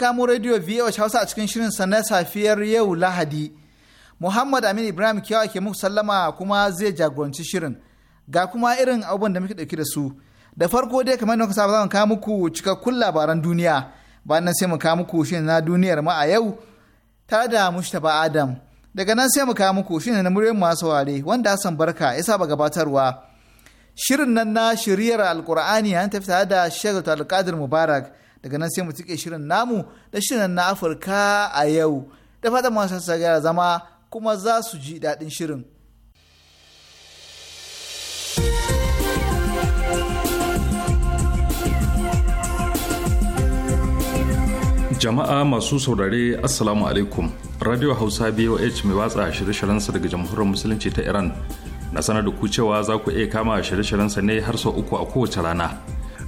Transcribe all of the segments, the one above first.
kamo rediyo VOH Hausa a cikin shirin sa na safiyar yau Lahadi. Muhammad Amin Ibrahim Kiyawa ke muku sallama kuma zai jagoranci shirin. Ga kuma irin abubuwan da muke ɗauki da su. Da farko dai kamar yadda kuka saba za kawo muku cikakkun labaran duniya. Bayan nan sai mu kawo muku shirin na duniyar ma a yau tare da Mustapha Adam. Daga nan sai mu kawo muku shirin na muryar masu ware wanda Hassan Barka ya saba gabatarwa. Shirin nan na shiriyar Alƙur'ani an tafi tare da Sheikh Abdulkadir Mubarak. daga nan sai mu cike shirin namu da shirin na afirka a yau da fata masu sa zama kuma za su ji daɗin shirin jama'a masu saurare assalamu alaikum radio hausa boh mai watsa shirye sa daga jamhuriyar musulunci ta iran na sanar da ku cewa za ku iya kama shirye-shiryensa ne har sau uku a kowace rana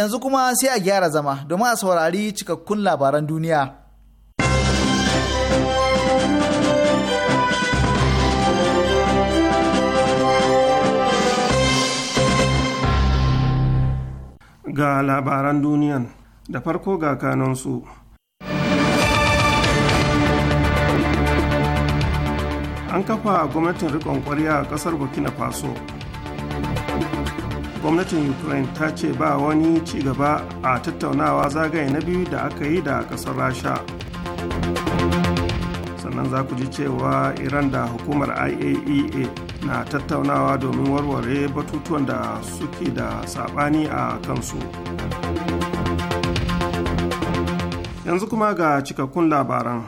yanzu kuma sai a gyara zama domin a saurari cikakkun labaran duniya. Ga labaran duniyan da farko ga kanansu. An kafa gwamnatin riƙon ƙwarya a ƙasar Burkina Faso. gwamnatin ukraine ta ce ba wani ci gaba a tattaunawa zagaye na biyu da aka yi da kasar rasha sannan za ku ji cewa iran da hukumar iaea e na tattaunawa domin warware batutuwan da suke da sabani a kansu yanzu kuma ga cikakkun labaran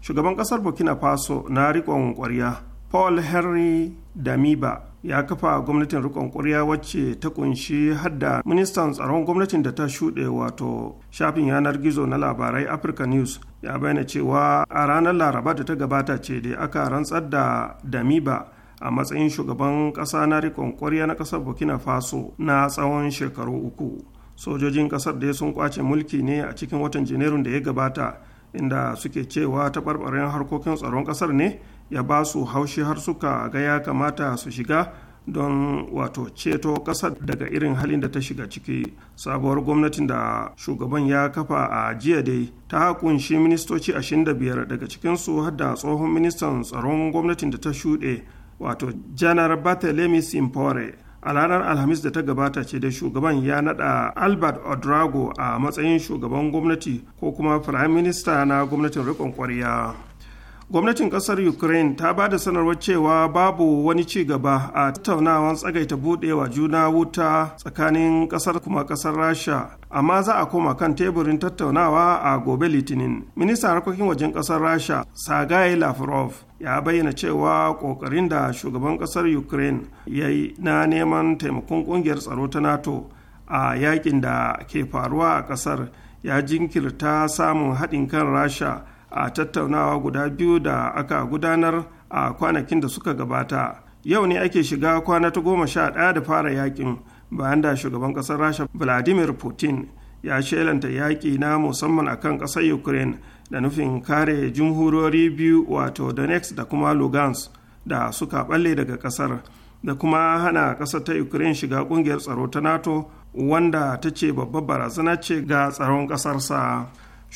shugaban kasar burkina faso na rikon kwarya paul henry damiba ya kafa gwamnatin rikon kuriya wacce ta kunshi hadda ministan tsaron gwamnatin da ta shuɗe wato shafin yanar gizo na labarai africa news ya bayyana cewa a ranar laraba da ta gabata ce da aka rantsar da damiba a matsayin shugaban ƙasa na rikon ƙwarya na ƙasar burkina faso na tsawon shekaru uku sojojin ƙasar da sun kwace mulki ne a cikin watan janairun da ya gabata inda suke cewa taɓarɓarin harkokin tsaron ƙasar ne ya ba su haushi har suka ga ya kamata su shiga don wato ceto ƙasar daga irin halin da ta shiga ciki sabuwar gwamnatin da shugaban ya kafa a jiya dai ta kunshi ministoci 25 daga cikinsu har da tsohon ministan tsaron gwamnatin da ta shuɗe wato janar barthelemy simpore a ranar alhamis da ta gabata ce da shugaban ya nada albert odrago a matsayin shugaban gwamnati ko kuma firayim minista na gwamnatin riƙon ƙwarya gwamnatin kasar ukraine ta ba da sanarwar cewa babu wani ci gaba a tattaunawan tsagaita budewa juna wuta tsakanin kasar kuma kasar rasha amma za a koma kan teburin tattaunawa a gobe litinin ministan harkokin wajen kasar rasha sagai lafrov ya bayyana cewa kokarin da shugaban kasar ukraine ya yi na neman taimakon kungiyar tsaro ta nato a yakin da ke faruwa a kasar ya jinkirta samun haɗin kan rasha a tattaunawa guda biyu da aka gudanar a kwanakin da suka gabata yau ne ake shiga kwana ta goma sha ɗaya da fara yakin bayan da shugaban ƙasar rasha vladimir putin ya shelanta yaƙi na musamman akan ƙasar ukraine da nufin kare jamhurori biyu wato donetsk da kuma lugansk da suka balle daga ƙasar da kuma hana ƙasar ta ukraine shiga ƙungiyar tsaro ta nato wanda ta ce babbar barazana ce ga tsaron ƙasarsa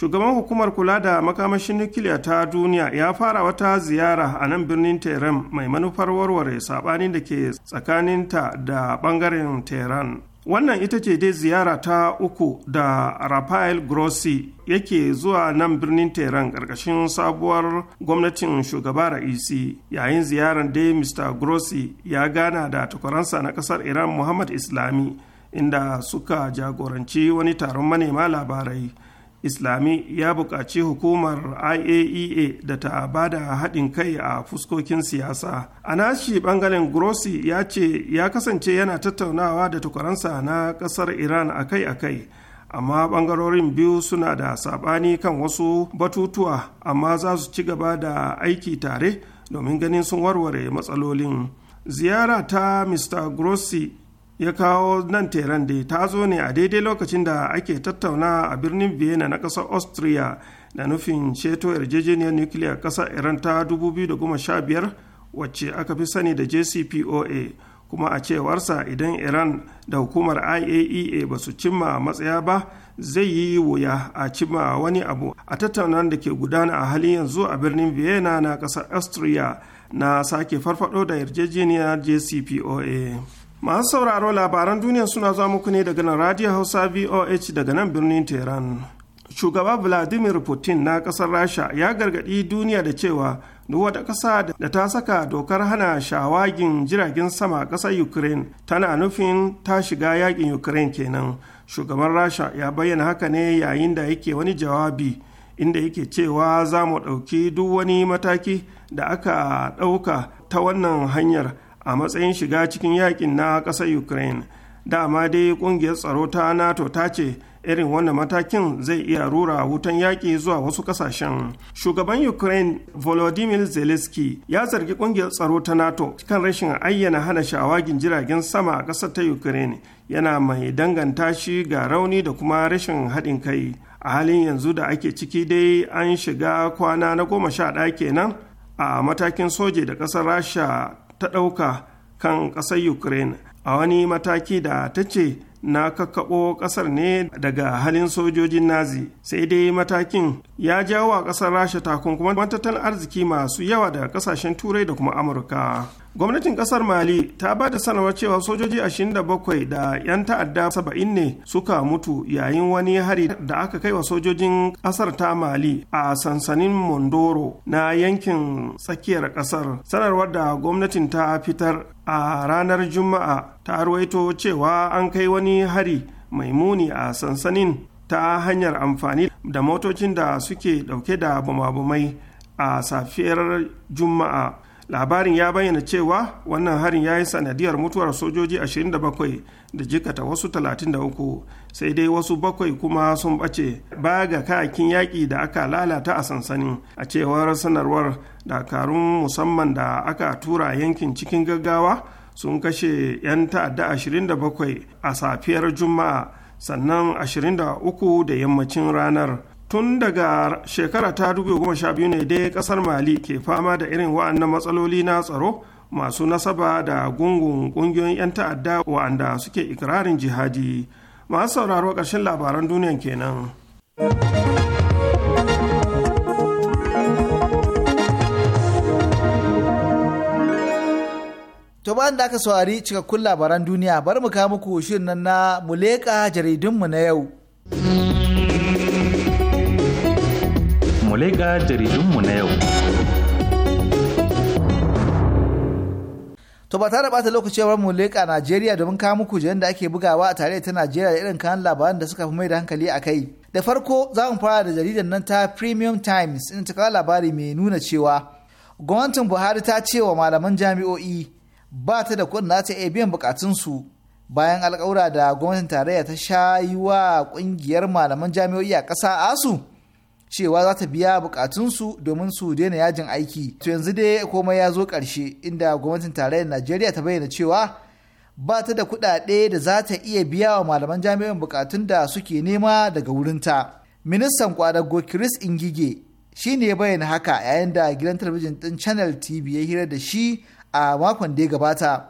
shugaban hukumar kula da makamashin nukiliya ta duniya ya fara wata ziyara a nan birnin tehran mai manufar warware sabanin da ke tsakaninta da bangaren tehran wannan ita ce dai ziyara ta uku da rafael grossi yake zuwa nan birnin tehran ƙarƙashin sabuwar gwamnatin shugaba ra'isi yayin ziyarar dai mr grossi ya gana da takwaransa na ƙasar iran muhammad islami inda suka jagoranci wani taron manema labarai islami ya buƙaci hukumar iaea e da ta ba da haɗin kai a fuskokin siyasa a nashi ɓangaren grossi ya ce ya kasance yana tattaunawa da tukuransa na ƙasar iran akai-akai amma ɓangarorin biyu suna da saɓani kan wasu batutuwa amma za su ci gaba da aiki tare domin ganin sun warware matsalolin ziyara ta mr grossi ya kawo nan teran da ta zo ne a daidai lokacin da ake tattauna a birnin vienna na ƙasar austria da nufin ceto yarjejeniyar nukiliya ƙasar iran ta 2015 wacce aka fi sani da jcpoa kuma a cewarsa idan iran da hukumar iaea e ba su cimma matsaya ba zai yi wuya a cimma wani abu a tattaunan da ke gudana a halin yanzu a birnin vienna na ƙasar austria na sake farfado da yarjejeniyar jcpoa masu sauraro labaran duniya suna zuwa muku ne daga nan radio hausa voh daga nan birnin tehran shugaba vladimir putin na kasar rasha ya gargadi duniya da cewa duk wata ƙasa da ta saka dokar hana shawagin jiragen sama ƙasar ukraine tana nufin ta shiga yakin ukraine kenan shugaban rasha ya bayyana haka ne yayin da yake wani jawabi inda yake cewa za mu ɗauki duk wani mataki da aka ɗauka ta wannan hanyar a matsayin shiga cikin yakin na ƙasar ukraine dama dai ƙungiyar tsaro ta nato ta ce irin wannan matakin zai iya rura wutan yaƙi zuwa wasu ƙasashen. Shugaban Ukraine Volodymyr Zelensky ya zargi ƙungiyar tsaro ta NATO kan rashin ayyana hana shawagin jiragen sama a ƙasar ta Ukraine yana mai danganta shi ga rauni da kuma rashin haɗin kai. A halin yanzu da ake ciki dai an shiga kwana na goma sha ɗaya kenan a matakin soje da ƙasar Rasha ta ɗauka kan ƙasar ukraine a wani mataki da ta ce na kakkaɓo ƙasar ne daga halin sojojin nazi sai dai matakin ya jawo a ƙasar rasha takunkuman tattalin arziki masu yawa daga ƙasashen turai da kuma amurka gwamnatin kasar mali ta ba da sanarwar cewa sojoji 27 da 'yan ta'adda 70 ne suka mutu yayin wani hari da aka kai wa sojojin kasar ta mali a sansanin mondoro na yankin tsakiyar kasar sanarwar da gwamnatin ta fitar a ranar juma'a ta ruwaito cewa an kai wani hari mai muni a sansanin ta hanyar amfani da motocin da suke dauke da bama-bamai a safiyar juma'a labarin ya bayyana cewa wannan harin ya yi sanadiyar mutuwar sojoji 27 da jikata wasu 33 sai dai wasu bakwai kuma sun bace baya ga kayakin yaƙi da aka lalata a sansanin a cewar sanarwar dakarun musamman da aka tura yankin cikin gaggawa sun kashe 'yan ta'adda 27 a safiyar juma'a sannan 23 da yammacin ranar tun daga shekara ta 2012 ne dai kasar mali ke fama da irin wa'annan matsaloli na tsaro masu nasaba da gungun kungiyoyin 'yan ta'adda wa'anda suke ikirarin jihadi masu sauraro ƙarshen labaran duniyan kenan to bayan da aka saurari cikakkun labaran duniya bar mu kawo muku shirin nan na muleka jaridunmu na yau leƙa jaridunmu na yau. To ba tare bata lokaci bar mu leƙa Najeriya domin kawo muku jiyan da ake bugawa a tare ta Najeriya da irin kan labaran da suka fi mai da hankali a kai. Da farko za mu fara da jaridan nan ta Premium Times in ta kawo labari mai nuna cewa gwamnatin Buhari ta ce wa malaman jami'o'i ba ta da kuɗin za ta iya biyan bukatunsu bayan alƙawura da gwamnatin tarayya ta sha yi wa ƙungiyar malaman jami'o'i a ƙasa asu cewa za ta biya bukatunsu domin su daina yajin aiki to yanzu dai komai ya zo ƙarshe inda gwamnatin tarayyar najeriya ta bayyana cewa ba ta da kuɗaɗe da za ta iya biya wa malaman jami'an bukatun da suke nema daga wurinta ministan kwadago chris ingige shi ne bayyana haka yayin da gidan talabijin ɗin channel tv ya hira da shi a makon da ya gabata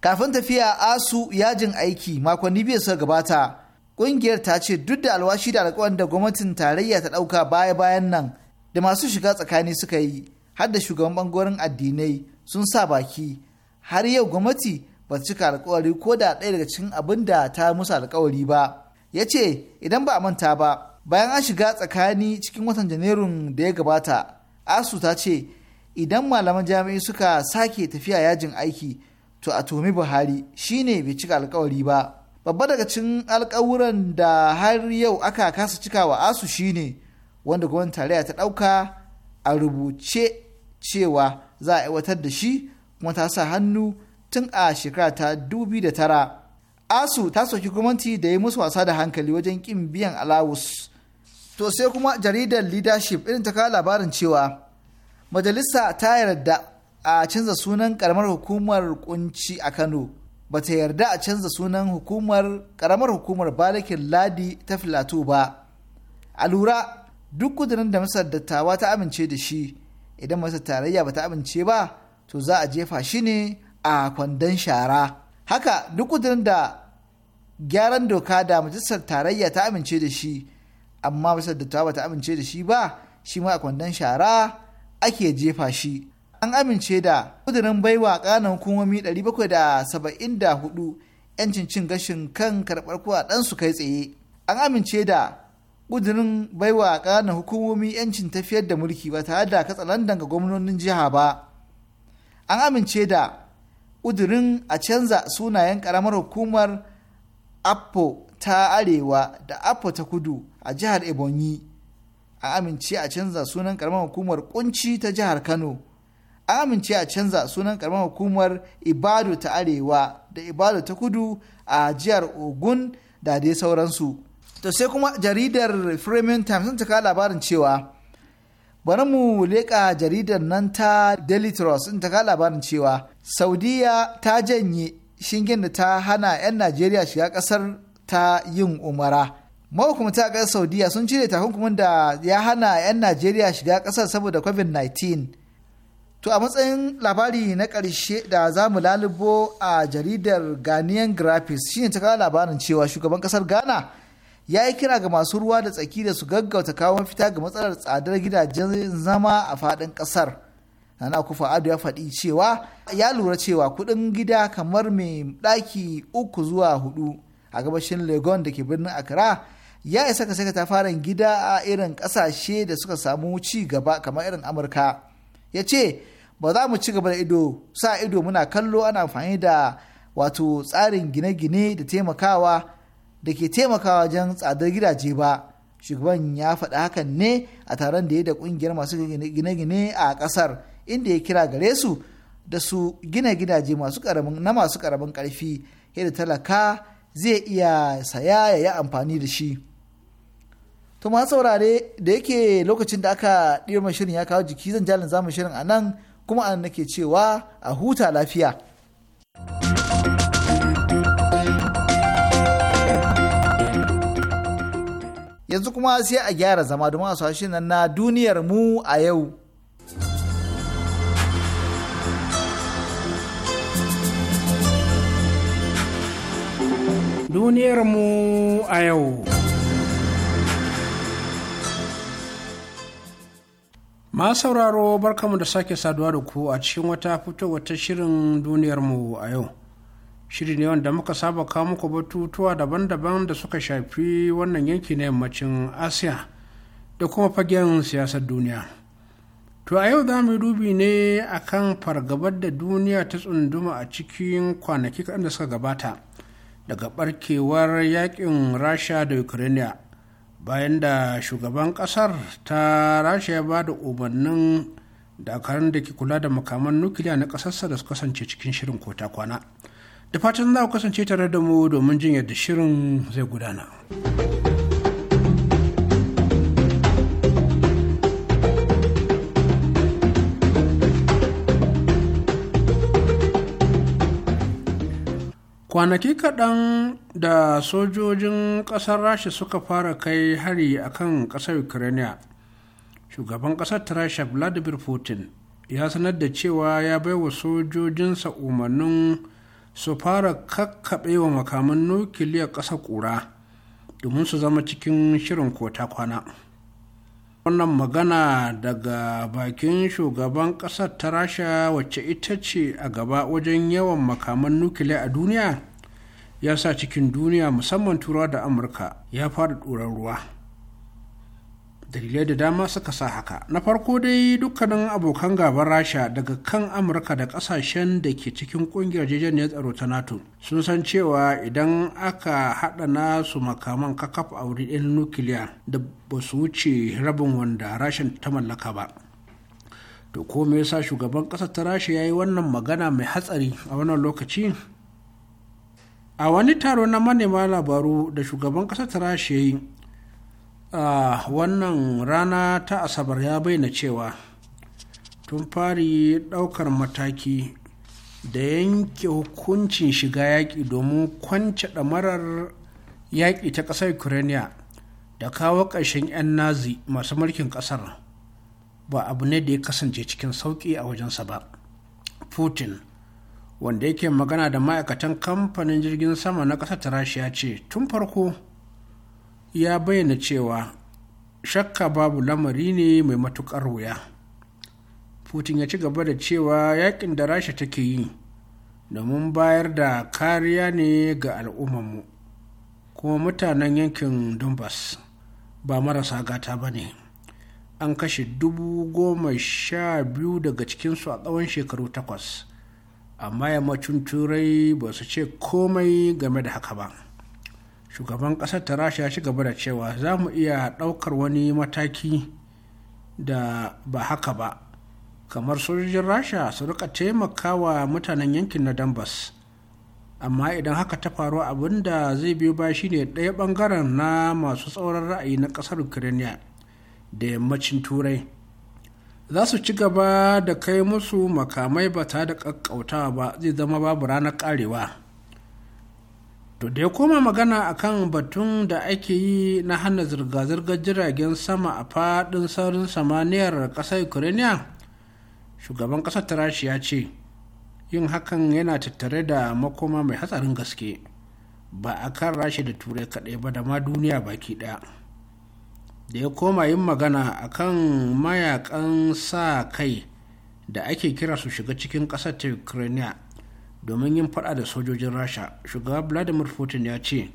kafin tafiya asu yajin aiki makonni biyu suka gabata Ƙungiyar ta ce duk da alwashi da alƙawarin da gwamnatin tarayya ta ɗauka baya-bayan nan da masu shiga tsakani suka yi har da shugaban ɓangaren addinai sun sa baki har yau gwamnati ba ta cika alƙawari ko da ɗaya daga cikin abin da ta musu alƙawari ba. Ya ce idan ba a manta ba bayan an shiga tsakani cikin watan Janairun da ya gabata asu ta ce idan malaman jami'i suka sake tafiya yajin aiki to a tuhumi Buhari shine bai cika alƙawari ba. babba daga cin alkawuran da har yau aka kasa cikawa asu shine wanda gwamnatin tarayya ta ɗauka a rubuce cewa za a aiwatar da shi kuma ta sa hannu tun a shekara ta tara. asu ta soki gwamnati da ya musu wasa da hankali wajen ƙin biyan alawus to sai kuma jaridar leadership irin ta kawo labarin cewa majalisa ta yarda a canza sunan karamar hukumar kunci a kano ba ta yarda a canza sunan hukumar karamar hukumar balikin ladi ta filato ba a lura duk kudurin da masar dattawa ta amince da shi idan masar tarayya ba ta amince ba to za a jefa shi ne a kwandon shara haka duk kudurin da gyaran doka da majalisar tarayya ta amince da shi amma masar dattawa ba ta amince da shi ba shi ma a kwandon shara ake jefa shi an amince da kudurin baiwa ƙananan hukumomi 774 'yancin cin gashin kan karɓar su kai tsaye an amince da kudurin baiwa ƙananan hukumomi 'yancin tafiyar da mulki ba tare da katsalandan ga gwamnonin jiha ba an amince da kudurin a canza sunayen karamar hukumar appo ta arewa da appo ta kudu a jihar ebonyi a amince a canza sunan karamar hukumar kunci ta jihar kano amince a canza sunan karamar hukumar ibado ta arewa da ibado ta kudu a jihar ogun da dai sauransu to sai kuma jaridar freeman times sun taka labarin cewa bari mu leƙa jaridar nan ta daily trust sun taka labarin cewa saudiya ta janye shingen da ta hana 'yan najeriya shiga ƙasar ta yin umara mahukumta a ƙasar saudiya sun cire takunkumin da ya hana 'yan najeriya shiga kasar saboda covid-19 To a matsayin labari na ƙarshe da za mu lalubo a jaridar Ghanaian Graphics shine ta kawo labarin cewa shugaban ƙasar Ghana ya yi kira ga masu ruwa da tsaki da su gaggauta kawo mafita ga matsalar tsadar gidajen zama a faɗin ƙasar. Nana kufa Ado ya faɗi cewa ya lura cewa kuɗin gida kamar mai ɗaki uku zuwa hudu a gabashin Legon da ke birnin Accra ya isa ka ta fara gida a irin ƙasashe da suka samu ci gaba kamar irin Amurka. Ya ce ba za mu ci gaba da ido sa ido muna kallo ana amfani da wato tsarin gine-gine da taimakawa da ke taimakawa wajen tsadar gidaje ba shugaban ya faɗa hakan ne a taron da ya da ƙungiyar masu gine-gine a ƙasar inda ya kira gare su da su gina gidaje masu na masu karamin ƙarfi yadda talaka zai iya saya ya yi amfani da shi to ma saurare da yake lokacin da aka ɗirma shirin ya kawo jiki zan jalin zamu shirin a nan kuma an nake cewa a huta lafiya. Yanzu kuma sai a gyara zama domin a sashi nan na duniyar mu a yau. Duniyar mu a yau. ma sauraro barkamu da sake saduwa da ku a cikin wata fito wata shirin duniyarmu a yau shiri ne wanda muka saba kawo muku batutuwa daban-daban da suka shafi wannan yanki na yammacin asiya da kuma fagen siyasar duniya to a yau za mu dubi ne kan fargabar da duniya ta tsunduma a cikin kwanaki kaɗan da suka gabata daga barkewar yakin rasha da ukraine bayan da shugaban kasar ta rasha ya ba da umarnin dakarun da ke kula da makaman nukiliya na kasarsa da su kasance cikin shirin kota kwana da fatan za ku kasance tare da mu domin jin yadda shirin zai gudana. kwanaki kaɗan da sojojin ƙasar rasha suka fara kai hari a kan ƙasar ukraine shugaban ƙasar ta rasha vladimir putin ya sanar da cewa ya baiwa sojojinsa umarnin su fara kakkaɓe wa makaman nukiliyar ƙasa ƙura domin su zama cikin shirin kota kwana wannan magana daga bakin shugaban ƙasar ta rasha wacce ita ce a gaba wajen yawan makaman nukiliya a duniya ya sa cikin duniya musamman turawa da amurka ya fara ɗoran ruwa dalilai da dama suka sa haka na farko dai dukkanin abokan gaban rasha daga kan amurka da kasashen da ke cikin kungiyar jejeniyar tsaro ta nato sun san cewa idan aka haɗa nasu makaman kakaf a wuri ɗin nukiliya da ba su wuce rabin wanda rashin ta mallaka ba to ko me yasa shugaban ƙasar ta rasha ya yi wannan magana mai hatsari a wannan lokaci a wani taro na manema labaru da shugaban ƙasar ta rasha ya yi a wannan rana ta asabar ya bayyana cewa tun fari ɗaukar mataki da yanke hukuncin shiga yaƙi domin kwance ɗamarar yaƙi ta ƙasar ukraine da kawo ƙarshen 'yan nazi masu mulkin ƙasar ba abu ne da ya kasance cikin sauƙi a wajensa ba putin wanda yake magana da ma'aikatan kamfanin jirgin sama na ƙasar ta rashiya ce tun farko ya bayyana cewa shakka babu lamari ne mai matuƙar wuya putin ya ci gaba da cewa yakin da rasha take yi domin bayar da kariya ne ga al'ummanmu kuma mutanen yankin donbass ba marasa gata ba ne an kashe dubu goma sha biyu daga cikinsu a tsawon shekaru takwas amma yammacin turai ba su ce komai game da haka ba shugaban ƙasar ta rasha ya ci gaba da cewa za mu iya ɗaukar wani mataki da ba haka ba kamar sojojin rasha su rika wa mutanen yankin na dambas amma idan haka ta faru abin da zai biyo ba ne ɗaya ɓangaren na masu tsauran ra'ayi na ƙasar ukraine da yammacin turai za su ci gaba da kai musu makamai ba ta da ƙaƙƙautawa ba zai zama babu ranar ƙarewa to da ya koma magana a kan batun da ake yi na hana zirga-zirgar jiragen sama a faɗin saurin samaniyar ƙasar ukraine shugaban ƙasar tarashi ya ce yin hakan yana tattare da makoma mai hatsarin gaske ba a kan rashi da turai kaɗai ba da ma duniya baki ɗaya da ya koma yin magana a kan mayakan sa kai da ake kira su shiga cikin ƙasar ta ukraine domin yin fada da sojojin rasha shugaba vladimir putin ya ce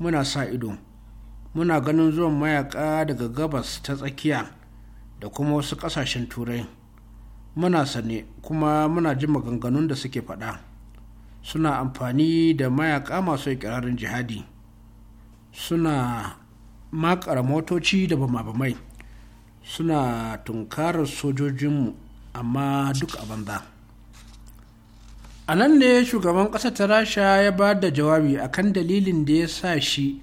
muna sa ido muna ganin zuwan mayaka daga gabas ta tsakiya da kuma wasu kasashen turai muna sane kuma muna ji maganganun da suke fada suna amfani da mayaka masu ikirarin jihadi suna makara motoci da bama-bamai suna tunkarar sojojinmu amma duk a banza. a nan ne shugaban ƙasar ta rasha ya ba da jawabi a kan dalilin da ya sa shi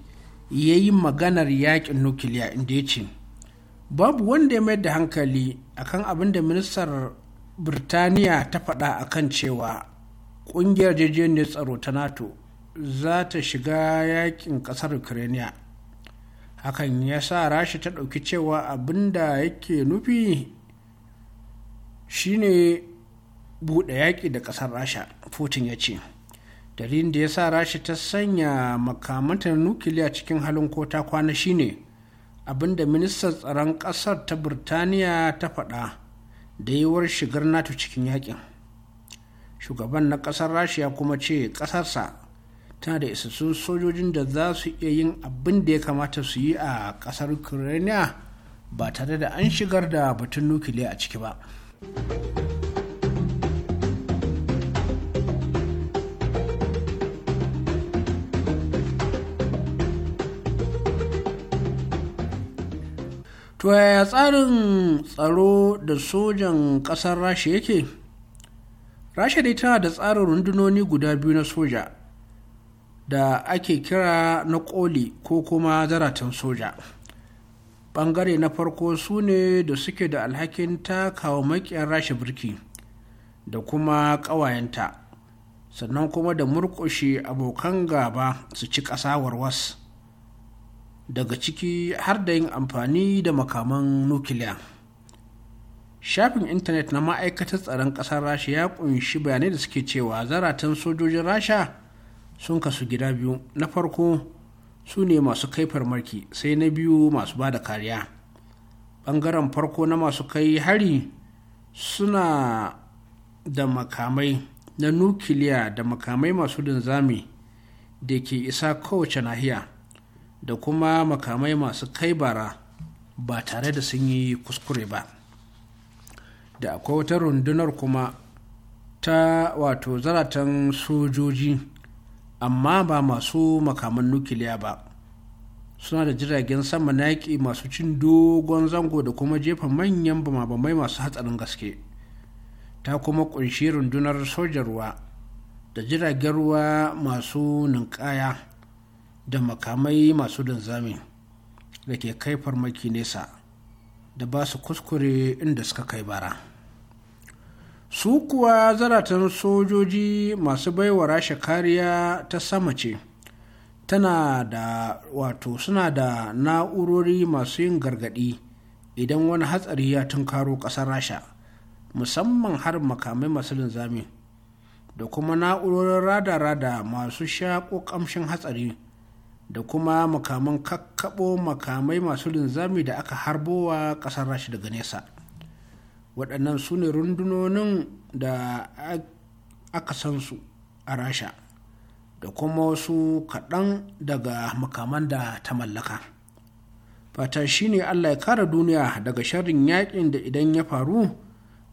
ya yi maganar yakin nukiliya inda ya ce babu wanda ya mai da hankali a kan abin da ministar birtaniya ta faɗa kan cewa ƙungiyar jirgin tsaro ta nato za ta shiga yakin ƙasar ukraine hakan ya sa rasha ta ɗauki cewa abin da yake nufi shine buɗe yaƙi da ƙasar rasha putin ya ce dalilin da ya sa rasha ta sanya makamanta na nukiliya cikin halin kota kwana shine abinda ministan tsaron ƙasar ta birtaniya ta faɗa da yiwuwar shigar nato cikin yaƙin shugaban na ƙasar rasha kuma ce ƙasarsa tana da isassun sojojin da za su iya yin abin da ya kamata su yi a ƙasar ukraine ba tare da an shigar da batun nukiliya a ciki ba. to yaya tsarin tsaro da sojan ƙasar rasha yake rasha dai tana da tsarin rundunoni guda biyu na soja da ake kira na ƙoli ko kuma zaratan soja ɓangare na farko su ne da suke da alhakin takawa makiyar rasha birki da kuma ƙawayenta sannan kuma da murƙushe abokan gaba su ci ƙasa warwas daga ciki har da yin amfani da makaman nukiliya shafin intanet na ma'aikatar tsaron ƙasar rasha ya ƙunshi bayanai da suke cewa zaratan sojojin rasha sun kasu gida biyu na farko su ne masu kai farmarki sai na biyu masu ba da kariya ɓangaren farko na masu kai hari suna da makamai na nukiliya da makamai masu linzami da ke isa kowace nahiya da kuma makamai masu kai bara ba tare da sun yi kuskure ba da akwai wata rundunar kuma ta wato zaratan sojoji amma ba masu makaman nukiliya ba suna da jiragen sama na yaƙi masu cin dogon zango da kuma jefa manyan bamabamai masu hatsarin gaske ta kuma ƙunshi rundunar sojarwa da jiragen ruwa masu ninkaya da makamai masu dunzami da ke kai farmaki nesa da ba su kuskure inda suka kai bara su kuwa zaratan sojoji masu baiwa rasha kariya ta sama ce tana da wato suna da na'urori masu yin gargadi idan wani hatsari ya tunkaro ƙasar rasha musamman har makamai masu linzami da kuma na'urorin rada-rada masu shaƙo ƙamshin hatsari da kuma makaman kakkaɓo makamai masu linzami da aka harbowa ƙasar rashi daga nesa waɗannan su ne rundunonin da aka san su a rasha da kuma wasu kaɗan daga makaman da ta mallaka fata shi ne allah ya kara duniya daga sharrin yakin da idan ya faru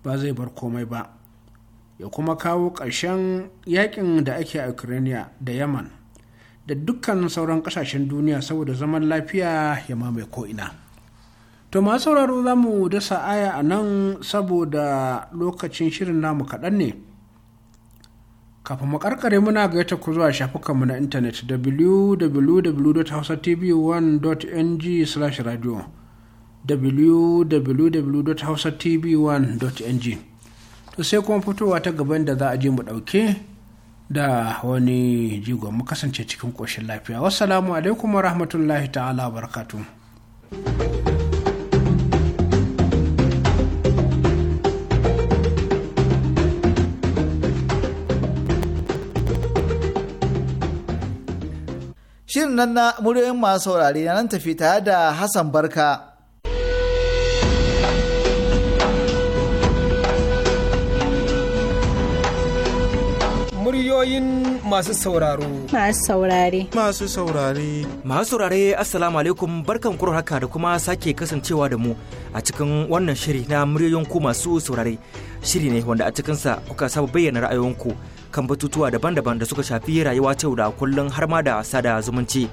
ba zai bar komai ba ya kuma kawo ƙarshen yakin da ake a ukraine da yaman da dukkan sauran kasashen duniya saboda zaman lafiya ya mamaye ko'ina to masu sauraro za mu dasa aya a nan saboda lokacin shirin namu kaɗan ne kafin mu karkare muna gayyata ku zuwa shafukanmu na intanet www.hausatv1.ng/radio www.hausatv1.ng to sai kuma fitowa ta gaban da za a je mu ɗauke da wani jigo mu kasance cikin ƙoshin lafiya wasalamu alaikum wa rahmatullahi ta'ala barakatu Shirin nan na muryoyin masu saurari na nan tafi tare da Hassan Barka. muryoyin masu sauraro. Masu saurare. Masu saurare. Masu saurare Assalamu alaikum barkan kuro haka da kuma sake kasancewa da mu a cikin wannan shiri na muryoyin ku masu saurare. Shiri ne wanda a cikinsa kuka saba bayyana ra'ayoyinku kan batutuwa daban-daban da suka shafi rayuwa ta da kullum har ma da sada zumunci.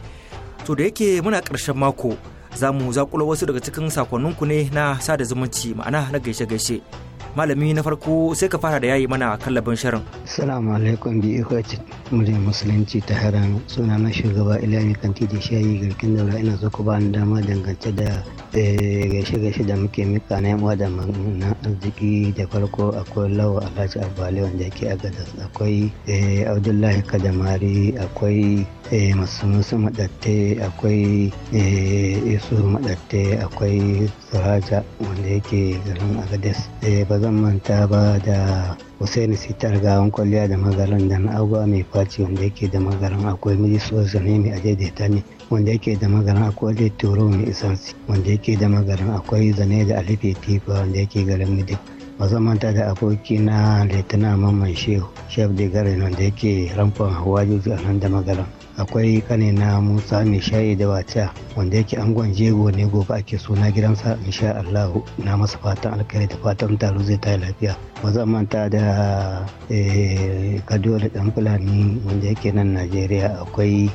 To da yake muna ƙarshen mako za mu zakulo wasu daga cikin sakonninku ne na sada zumunci ma'ana na gaishe-gaishe. malami na farko sai ka fara da yayi mana kallabin shirin assalamu alaikum bi ikwati e muryar musulunci ta haram suna na shugaba ilani kanti da shayi garkin daura ina so ku ba ni dama dangance da eh, gaishe-gaishe da muke mika na yamuwa da na arziki da farko akwai lawa alhaji abali wanda yake agadas akwai eh, abdullahi kadamari akwai eh, masu madatte akwai isu madatte akwai suraja wanda yake garin agadas ba zan manta ba da Hussein Sitar gawan kwalliya da magarin da na agwa mai faci wanda yake da magarin akwai mai Zanemi a daidaita ne wanda yake da magarin akwai Ole Toro mai isansi wanda yake da magarin akwai Zane da Alife Tifa wanda yake garin Midik. Ba zan manta da na Laitana Mamman Shehu Shef de Garin wanda yake ramfan Hawajuji a nan da magarin akwai kane na musa mai sha'i da wata wanda yake angon jego ne gobe ake suna gidansa insha Allah na masa fatan alkhairi da fatan taro zai tayi lafiya ba manta da eh, da dan fulani wanda yake nan najeriya akwai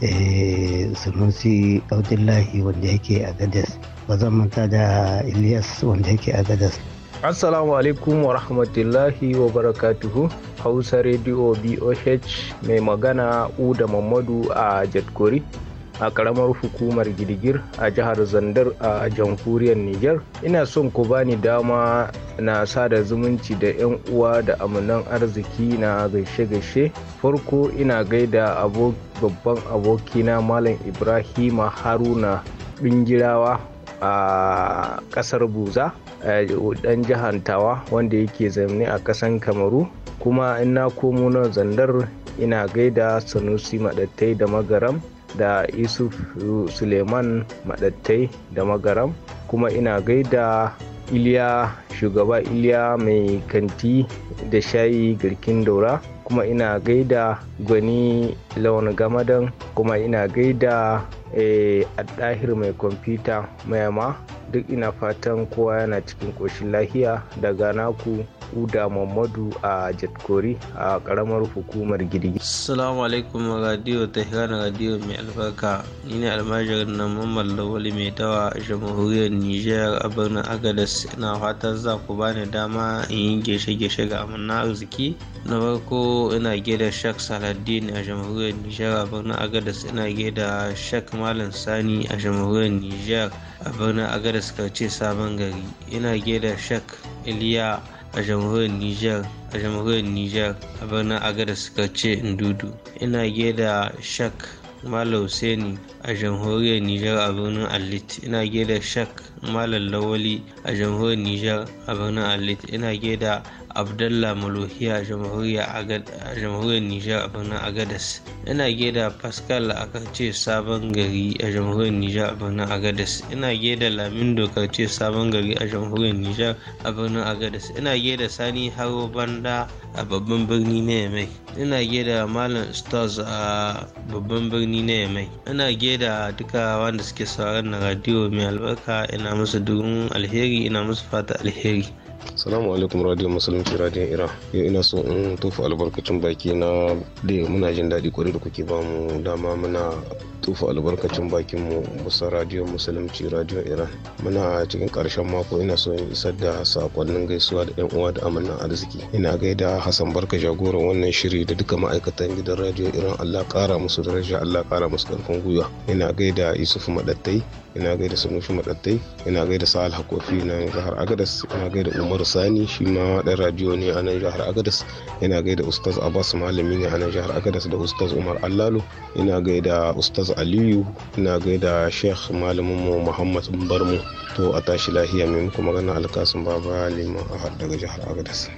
eh, sunusi abdullahi wanda yake a gadas ba manta da ilyas wanda yake a gadas Assalamu alaikum wa rahmatullahi wa barakatuhu. Hausa Radio BOH mai magana Uda Mamadu a Jatkori a karamar hukumar Girgir a jihar Zandar a jamhuriyar Nijar. Ina son ku bani dama na sada zumunci da 'yan uwa da amanan arziki na gaishe-gaishe. Farko ina gaida babban abokina Malam Ibrahima Haruna Bingirawa a ƙasar Buza. Eh, dan jihar tawa wanda yake zaune a kasan kamaru kuma in komo na zandar ina gaida sanusi madattai da magaram da isuf suleiman madattai da magaram kuma ina gaida iliya shugaba iliya mai kanti da shayi girkin daura kuma ina gaida gwani lawan gamadan kuma ina gaida eh, a ɗahir mai kwamfuta mayama duk ina fatan kowa yana cikin ƙoshin lahiya daga naku uda mamadu a jatkori a karamar hukumar girgi assalamu alaikum radio tehran radio mai albarka ni ne almajirin na mamman lawali mai dawa a jamhuriyar niger a birnin agadas na fatan za ku bani dama in yi gishe-gishe ga amina arziki na farko ina gida shak saladin a jamhuriyar nijar a birnin agadas ina gida shak malam sani a jamhuriyar nijar a birnin agadas karce sabon gari ina gida shak iliya a jamhuriyar Nijar a jamhuriyar Nijar a birnin Agada suka ce Ndudu. Ina gaida Shak Malam Hussaini a jamhuriyar Nijar a birnin Alit. Ina gaida Shak Malam Lawali a jamhuriyar Nijar a birnin Alit. Ina gaida abdalla malohiya a jamhuriyar nijar a birnin agadas ina geda pascal a karce sabon gari a jamhuriyar nijar a birnin agadas ina geda lamindo karce sabon gari a jamhuriyar nijar a birnin agadas ina geda sani haro banda a babban birni na yamai ina geda malam stars a babban birni na yamai ina geda duka wanda suke sauran na radio mai albarka ina musu durin alheri ina musu fata alheri Salamu alaikum radio musulunci radio Iran. Yau ina so in tofa albarkacin baki na da muna jin daɗi kwarai da kuke ba mu dama muna tofa albarkacin bakin mu musa radio musulunci radio Iran. Muna cikin ƙarshen mako ina so in isar da sakonnin gaisuwa da 'yan uwa da amanan arziki. Ina gaida Hassan Barka jagoran wannan shiri da duka ma'aikatan gidan radio Iran Allah ƙara musu daraja Allah ƙara musu ƙarfin gwiwa. Ina gaida Yusuf Madattai ina gaida sunushi madattai ina gaida sa'al hakofi na jihar agadas ina gaida umaru sani shi ma dan radio ne a nan jihar agadas ina gaida ustaz abbas malami ne a nan jihar agadas da ustaz umar allalo ina gaida ustaz aliyu ina gaida sheikh malamin mu muhammad barmu to a tashi lahiya mai muku magana alkasun baba liman ahad daga jihar agadas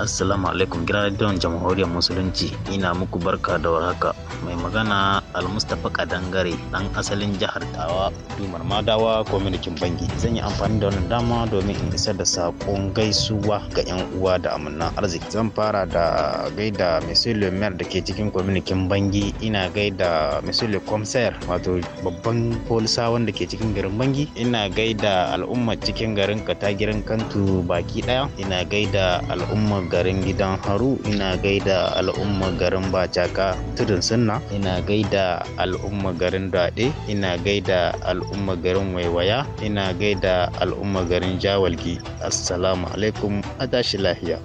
assalamu alaikum gidan jamhuriyar musulunci ina muku barka da warhaka mai magana almustapha kadangare dan asalin jihar tawa dumar madawa kwamitin bangi zan yi amfani da wannan dama domin in isar da sakon gaisuwa ga yan uwa da amanna arziki zan fara da gaida misili mayor da ke cikin kwamitin bangi ina gaida misili komsayar wato babban polisa wanda ke cikin garin bangi ina gaida al'ummar cikin garin katagirin kantu baki daya ina gaida al'ummar garin gidan haru ina gaida al'umma garin bacaka tudun sunna ina gaida al'umma garin daɗe ina gaida al'umma garin waiwaya ina gaida al'umma garin jawalgi assalamu alaikum a tashi lahiya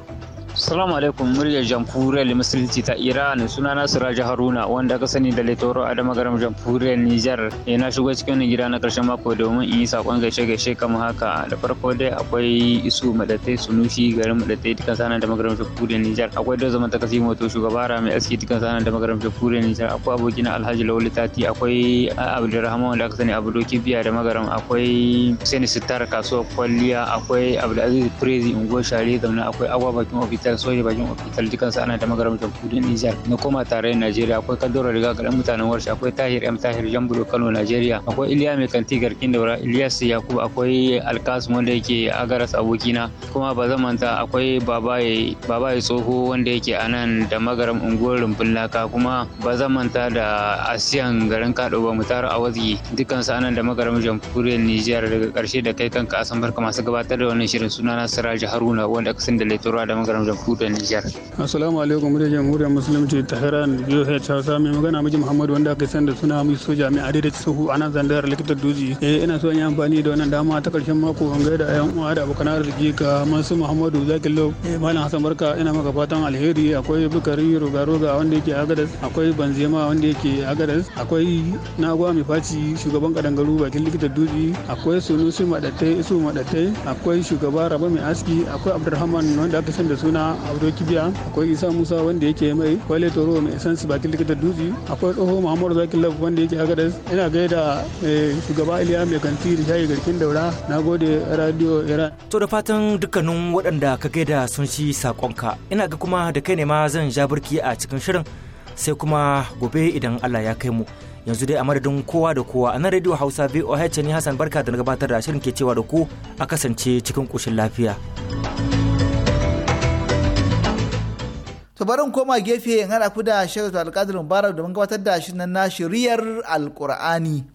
Salamu alaikum muryar jamhuriyar musulunci ta Iran suna na Suraja Haruna wanda aka sani da Letoro Adama garin jamhuriyar Nijar yana eh, shigo cikin gida na karshen mako domin in yi sakon gaishe gaishe kamar haka da farko dai akwai isu madatai sunushi garin madatai dukkan sanan da magaram jamhuriyar Nijar akwai da zaman takasi moto shugaba Rami Aski dukkan sanan da magaram jamhuriyar Nijar akwai abokina Alhaji Lawal Tati akwai Abdulrahman wanda aka sani Abdoki Biya da magaram akwai Hussein sitar kasuwar kwalliya akwai Abdulaziz Prezi Ungo Share akwai Agwa Bakin ofis hospital soja bakin hospital dukansu ana da da kudin nijar na koma da najeriya akwai Kaduna riga ga mutanen warshi akwai tahir m tahir jambulo kano najeriya akwai iliya mai kanti garkin daura ilyas yakubu akwai alkasum wanda yake agaras abokina kuma ba zan manta akwai babaye babaye tsoho wanda yake a nan da magaram unguwar rumbun laka kuma ba zan manta da asiyan garin kaɗo ba mutar a wazi dukansu anan da magaram jamhuriyar nijar daga ƙarshe da kai kanka asan barka masu gabatar da wannan shirin sunana siraji haruna wanda aka san da laitura da magaram jamhuriyar Nijar. Assalamu alaikum mu da jamhuriyar musulunci ta Iran Jihar Hausa mai magana miji Muhammadu wanda aka san da suna mai soja mai adai da suhu a nan zandar likitar Duji. Eh ina so in yi amfani da wannan dama ta karshen mako an gaida ayan uwa da abokan arziki ga masu Muhammadu Zaki Lau. Eh, Malam Hassan Barka ina maka fatan alheri akwai Bukari Roga Roga wanda yake Agadas akwai Banzema wanda yake Agadas akwai Nagwa mai faci shugaban kadangaru bakin likitar Duji akwai Sunusi Madatai Isu Madatai akwai shugaba Raba mai aski akwai Abdulrahman wanda aka san da suna na kibiya akwai isa musa wanda yake mai kwale toro mai esansi bakin likita duji akwai tsoho muhammadu zaki lab wanda yake agadas ina gaida eh, shugaba iliya mai kanti da shayi garkin daura na gode radio iran to da fatan dukkanin waɗanda ka gaida sun shi sakonka ina ga kuma da kai ne ma zan ja birki a cikin shirin sai kuma gobe idan allah ya kai mu yanzu dai a madadin kowa da kowa a nan radio hausa voh ni hassan barka da na gabatar da shirin ke cewa da ku a kasance cikin koshin lafiya. to in koma gefe in haɗa ku da shekaru alƙadar mubarak domin gabatar da shirin na shiriyar alƙur'ani.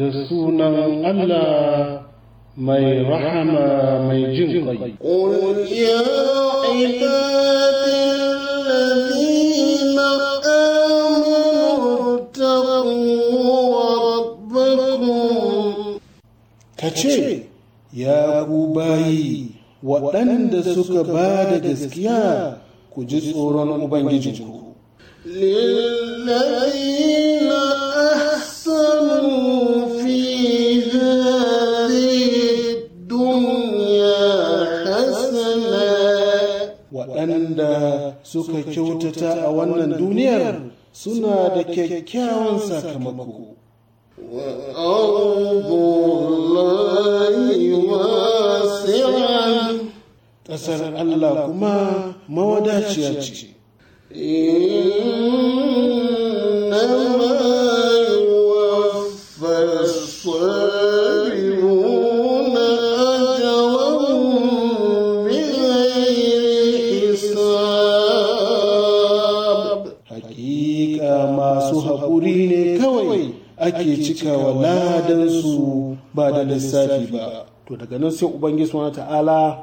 da sunan Allah mai rahama mai jin ƙai. ya ibadin Ka ce, Ya ku bayi waɗanda suka ba da gaskiya ku ji tsoron Ubangijinku. Lillahi suka kyautata a wannan duniyar suna da kyakkyawan sakamako ƙasar Allah kuma mawadaciya ce. ake cikawa ladansu ba da lissafi ba to daga nan sai ubangiji wani ta'ala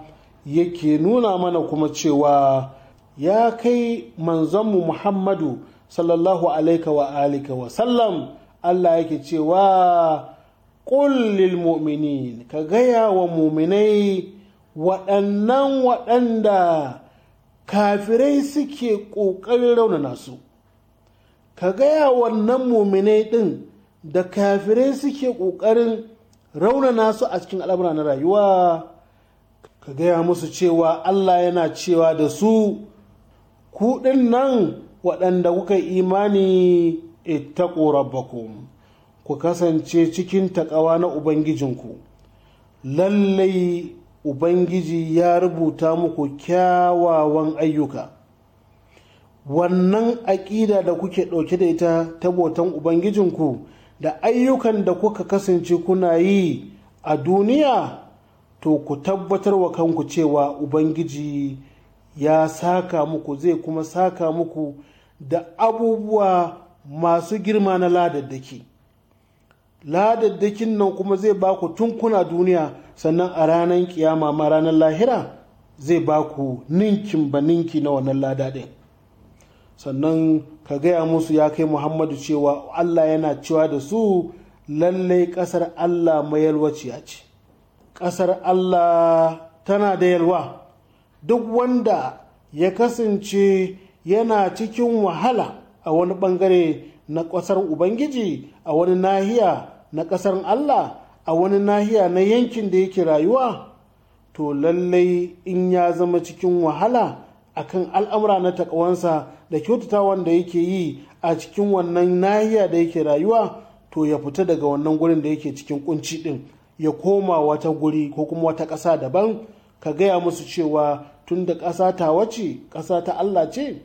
yake nuna mana kuma cewa ya kai manzanmu muhammadu sallallahu alaika wa alika wa sallam allah yake cewa kullil mu'minin ka gaya wa muminai waɗannan waɗanda kafirai suke ƙoƙarin raunana su ka gaya wannan muminai ɗin da kafirai suke ƙoƙarin raunana su a cikin al'amura na rayuwa ka gaya musu cewa Allah yana cewa da su kuɗin nan waɗanda kuka imani ittaqu rabbakum ku kasance cikin taƙawa na ubangijinku lallai ubangiji ya rubuta muku kyawawan ayyuka wannan aƙida da kuke ɗauke da ita ta botan ubangijinku da ayyukan da kuka kasance kuna yi a duniya to ku tabbatar wa kanku cewa ubangiji ya saka muku zai kuma saka muku da abubuwa masu girma na ladaddaki ladaddakin nan kuma zai ba ku tun duniya sannan a ranar kiyama ma ranar lahira zai ba ku ninkin ba ninki na wannan lada sannan ka gaya musu ya kai muhammadu cewa allah yana cewa da su lallai ƙasar allah mayalwaciya ce ƙasar allah tana da yalwa duk wanda ya kasance yana cikin wahala a wani ɓangare na ƙasar ubangiji a wani nahiya na ƙasar allah a wani nahiya na yankin da yake rayuwa to lallai in ya zama cikin wahala akan al'amura na takawansa da kyautata wanda yake yi a cikin wannan nahiya da yake rayuwa to ya fita daga wannan gurin da yake cikin kunci din ya koma wata guri ko kuma wata ƙasa daban ka gaya musu cewa tun da ƙasa ta wace ƙasa ta Allah ce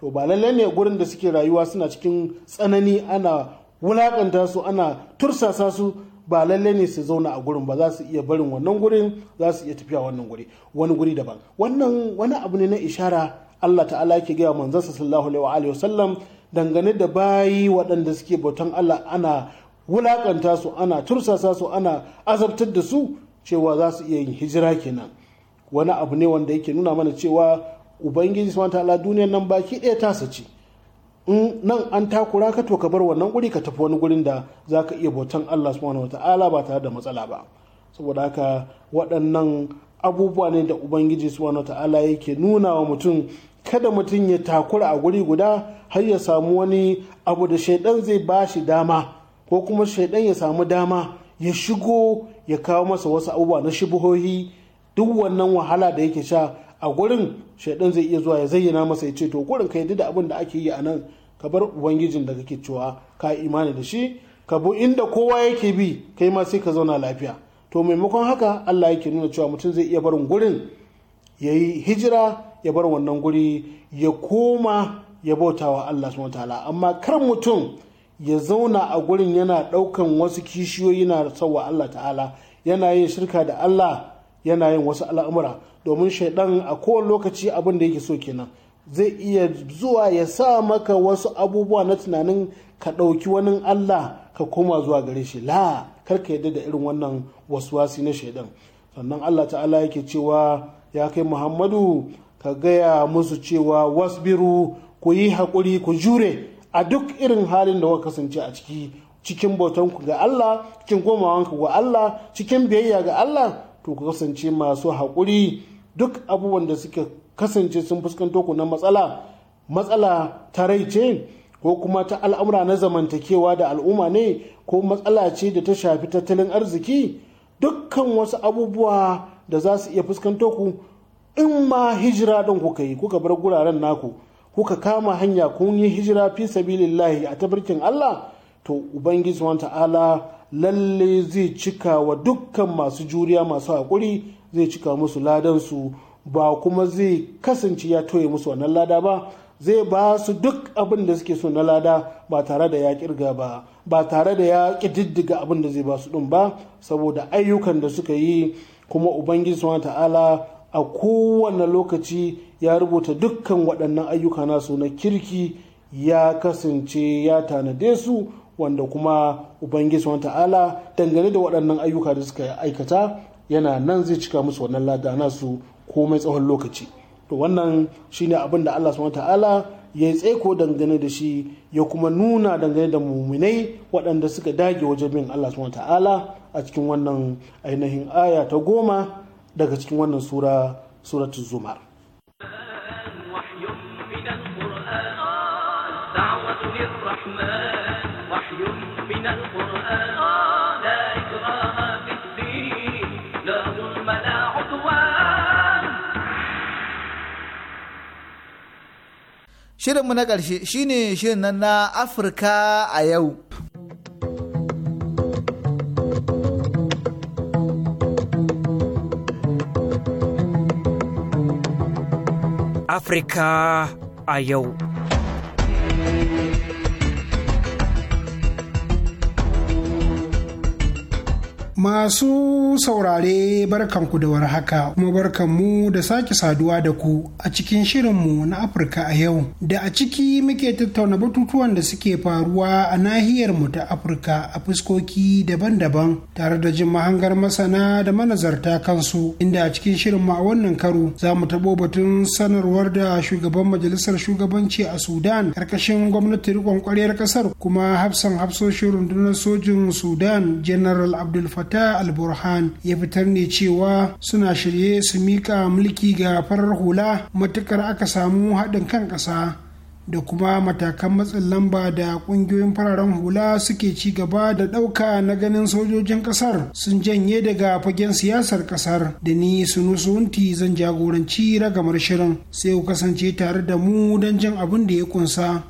to ba lallai ne gurin da suke rayuwa suna cikin tsanani ana wulaƙanta su ana tursasa su ba lalle ne su zauna a gurin ba za su iya barin wannan gurin za su iya tafiya wannan guri wani guri daban wannan wani abu ne na ishara Allah ta'ala yake gaya manzansa sallallahu alaihi wa sallam dangane da bayi waɗanda suke bautan Allah ana wulakanta su ana tursasa su ana azabtar da su cewa za su iya yin hijira kenan wani abu ne wanda yake nuna mana cewa ubangiji subhanahu ta'ala duniyar nan baki ɗaya ta ce in nan an takura ka to ka bar wannan guri ka tafi wani gurin da za ka iya bautan Allah subhanahu ta'ala ba tare da matsala ba saboda haka waɗannan abubuwa ne da ubangiji subhanahu ta'ala yake nuna wa mutum kada mutum ya takura a guri guda har ya samu wani abu da shaidan zai ba shi dama ko kuma shaidan ya samu dama ya shigo ya kawo masa wasu abubuwa na shubuhohi duk wannan wahala da yake sha a gurin shaidan zai iya zuwa ya zayyana masa ya ce to gurin ka yi da abin da ake yi a nan ka bar ubangijin da kake cewa ka yi imani da shi ka bu inda kowa yake bi kai ma sai ka zauna lafiya to maimakon haka Allah yake nuna cewa mutum zai iya barin gurin ya yi hijira ya bar wannan guri ya koma ya bauta wa Allah subhanahu ta'ala amma kar mutum ya zauna a gurin yana ɗaukan wasu kishiyoyi na sauwa Allah ta'ala yana yin shirka da Allah yana yin wasu al'amura domin shaidan a kowane lokaci abin da yake so kenan zai iya zuwa ya sa maka wasu abubuwa na tunanin ka ɗauki wani Allah ka koma zuwa gare shi la karka ka yadda da irin wannan waswasi na shaidan sannan Allah ta'ala yake cewa ya kai Muhammadu ka gaya musu cewa wasbiru ku yi haƙuri ku jure a duk irin halin da kuka kasance a ciki cikin bautanku ga Allah cikin komawanku ga Allah cikin biyayya ga Allah to ku kasance masu haƙuri duk abubuwan da suke kasance sun fuskanto ku na matsala matsala ta rai ce ko kuma ta al'amura na zamantakewa da al'umma ne ko matsala ce da ta shafi tattalin arziki dukkan wasu abubuwa da za su iya fuskanto ku in ma hijira don kuka yi kuka bar guraren naku kuka kama hanya kun yi hijira fi sabilillahi a tabarkin Allah to ubangiji subhanahu ta'ala lalle zai cika wa dukkan masu juriya masu haƙuri zai cika musu ladansu ba kuma zai kasance ya toye musu wannan lada ba zai ba su duk abin da suke so na lada ba tare da ya kirga ba ba tare da ya ƙididdiga abin da zai ba su ɗin ba saboda ayyukan da suka yi kuma ubangiji subhanahu ta'ala a kowane lokaci ya rubuta dukkan waɗannan ayyuka nasu na kirki ya kasance ya tanade su wanda kuma ubangiji subhanahu ta'ala dangane da waɗannan ayyuka da suka aikata yana nan zai cika musu wannan lada nasu komai tsawon lokaci to wannan shine abin da Allah subhanahu ta'ala ya tseko dangane da shi ya kuma nuna dangane da muminai waɗanda suka dage wajen bin Allah subhanahu ta'ala a cikin wannan ainihin aya ta goma daga cikin wannan sura suratul zumar Shirin mu na ƙarshe shine shirin nan na Afirka a yau. Afirka a yau. Masu saurare barkanku da warhaka kuma barkanmu da sake saduwa da ku a cikin shirinmu na Afirka a yau da a ciki muke tattauna batutuwan da suke faruwa a nahiyarmu ta Afirka a fuskoki daban-daban tare da jin mahangar masana da manazarta kansu inda a cikin shirinmu a wannan karo za mu taɓo batun sanarwar da shugaban majalisar shugabanci a Sudan karkashin gwamnatin riƙon ƙwaryar ƙasar kuma hafsan hafsoshin rundunar sojin Sudan General Abdul Fattah fatah alburhan ya fitar ne cewa suna shirye su miƙa mulki ga farar hula matukar aka samu haɗin kan ƙasa da kuma matakan matsin lamba da ƙungiyoyin fararen hula suke ci gaba da ɗauka na ganin sojojin ƙasar sun janye daga fagen siyasar ƙasar da ni su wunti zan jagoranci ragamar shirin sai ku kasance tare da mu don jin abin da ya kunsa.